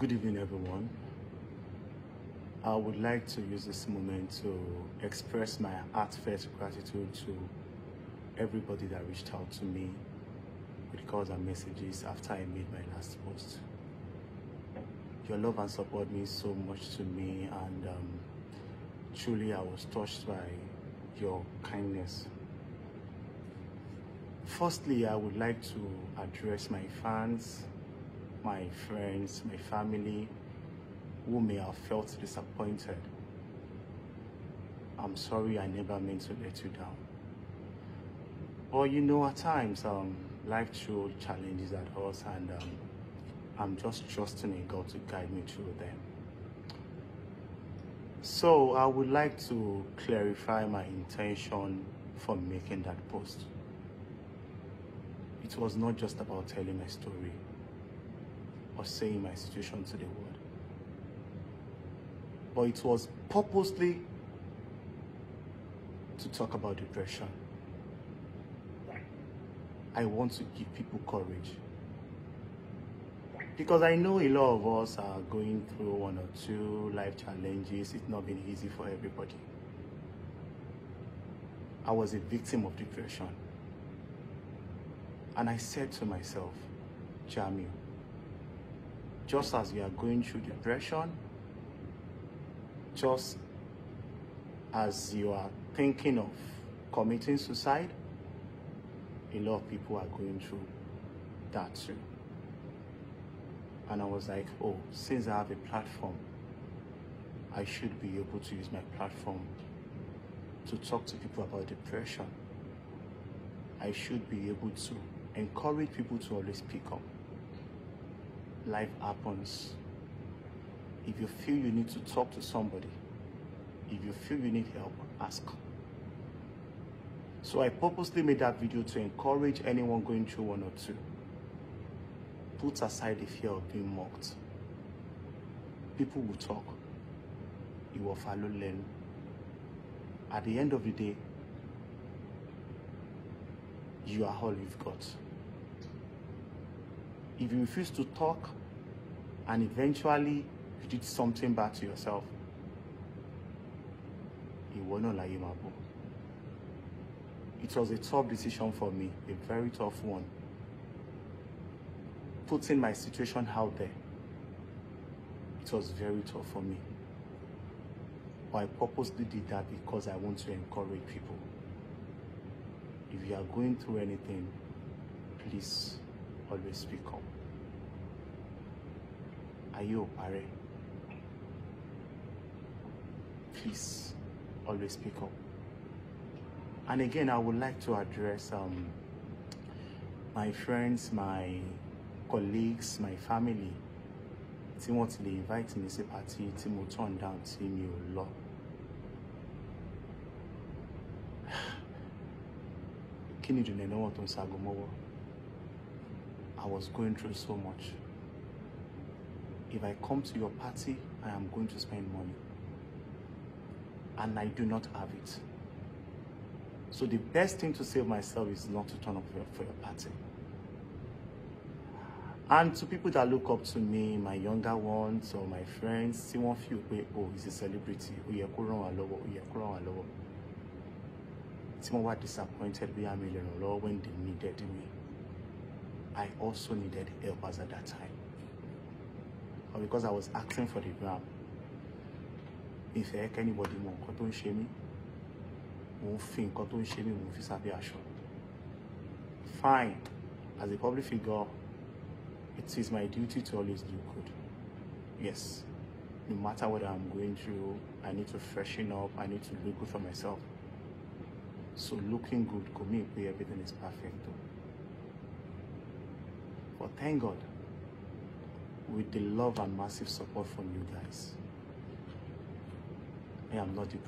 Good evening, everyone. I would like to use this moment to express my heartfelt gratitude to everybody that reached out to me with calls and messages after I made my last post. Your love and support means so much to me, and um, truly, I was touched by your kindness. Firstly, I would like to address my fans my friends, my family who may have felt disappointed. I'm sorry I never meant to let you down. But you know, at times, um, life throws challenges at us and um, I'm just trusting in God to guide me through them. So I would like to clarify my intention for making that post. It was not just about telling my story or saying my situation to the world. But it was purposely to talk about depression. I want to give people courage. Because I know a lot of us are going through one or two life challenges. It's not been easy for everybody. I was a victim of depression. And I said to myself, Jamil, just as you are going through depression, just as you are thinking of committing suicide, a lot of people are going through that too. And I was like, oh, since I have a platform, I should be able to use my platform to talk to people about depression. I should be able to encourage people to always speak up life happens. If you feel you need to talk to somebody, if you feel you need help, ask. So I purposely made that video to encourage anyone going through one or two. Put aside the fear of being mocked. People will talk. You will follow learn. At the end of the day, you are all you've got. If you refuse to talk, and eventually you did something bad to yourself ìwọ náà láyé máa it was a tough decision for me a very tough one putting my situation out there it was very tough for me but I purposely did that because I want to encourage people if you are going through anything please always speak up ayé ò parẹ́. Please, always speak up. And again, I would like to address um, my friends, my colleagues, my family tí wọ́n ti lè invite me sí party tí mo turn down tí mi ò lọ. Kí ni ìdùnnú ẹ̀ lọ́wọ́ tó ń sago I was going through so much. if I come to your party, I am going to spend money. And I do not have it. So the best thing to save myself is not to turn up for your, for your party. And to people that look up to me, my younger ones or my friends, see one few pé, oh, he's a celebrity. We are kó ràn wá lọ́wọ́, ó yẹ kó ràn wá lọ́wọ́. Tí wọ́n wá disappointed bí àmì ìlera when they needed me. I also needed help as at that time. or because I was asking for the gram ìfẹ́ kẹ́nìbọ̀dì mọ anybody more, cut on shame me. ń fi nǹkan tó ń ṣe mí mò ń fi sábẹ́ fine as a public figure it is my duty to always do good yes no matter what I'm going through I need to freshen up I need to look good for myself so looking good could mean everything is perfect but thank God with the love and massive support from you guys. I am not depressed.